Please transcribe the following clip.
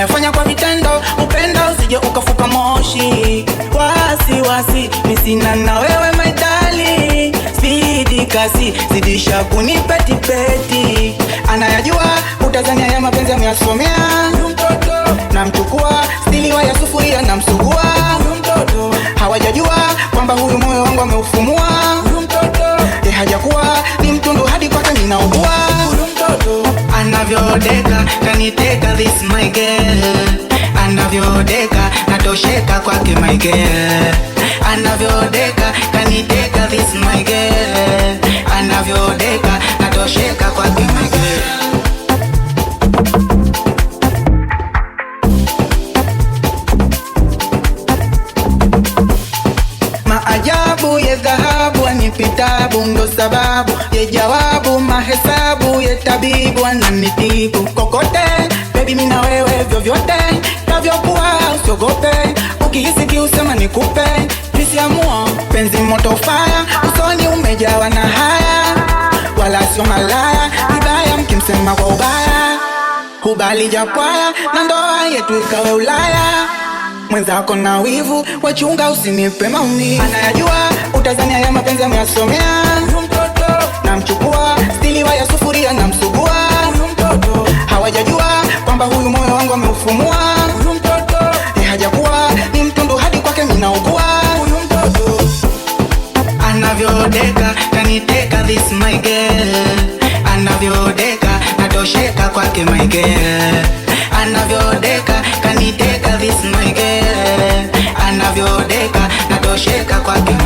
nayafanya kwa vitendo, upendo usije ukafuka moshi. Wasi wasi misina na wewe maitali, spidi kasi zidisha kuni peti. Anayajua utazania ya mapenzi ameyasomea, namchukua stili wa ya sufuria namsugua Anavyodeka kaniteka, this my girl. Anavyodeka natosheka kwake my girl. Anavyodeka kaniteka, this my girl. Anavyodeka natosheka kwake my girl. Maajabu ya dhahabu anipita ndo sababu ye jawabu mahesabu ye tabibu ananitibu kokote baby mina wewe vyovyote kavyokuwa usiogope ukihisi kiu nikupe isiamua penzi moto faya usoni umejawa na haya wala sio malaya ibaya mkimsema kwa ubaya kubali japwaya na ndoa yetu ikawe Ulaya mwenzako na wivu wachunga usinipe maumivu anayajua Tanzania ya mapenzi ameyasomea, namchukua stili wa waya sufuria namsugua, hawajajua kwamba huyu moyo wangu ameufumua, eh, hajakuwa ni mtundu hadi kwake minaugua, anavyodeka kaniteka, this my girl anavyodeka natosheka kwake my girl, anavyodeka kaniteka, this my girl, anavyodeka natosheka kwake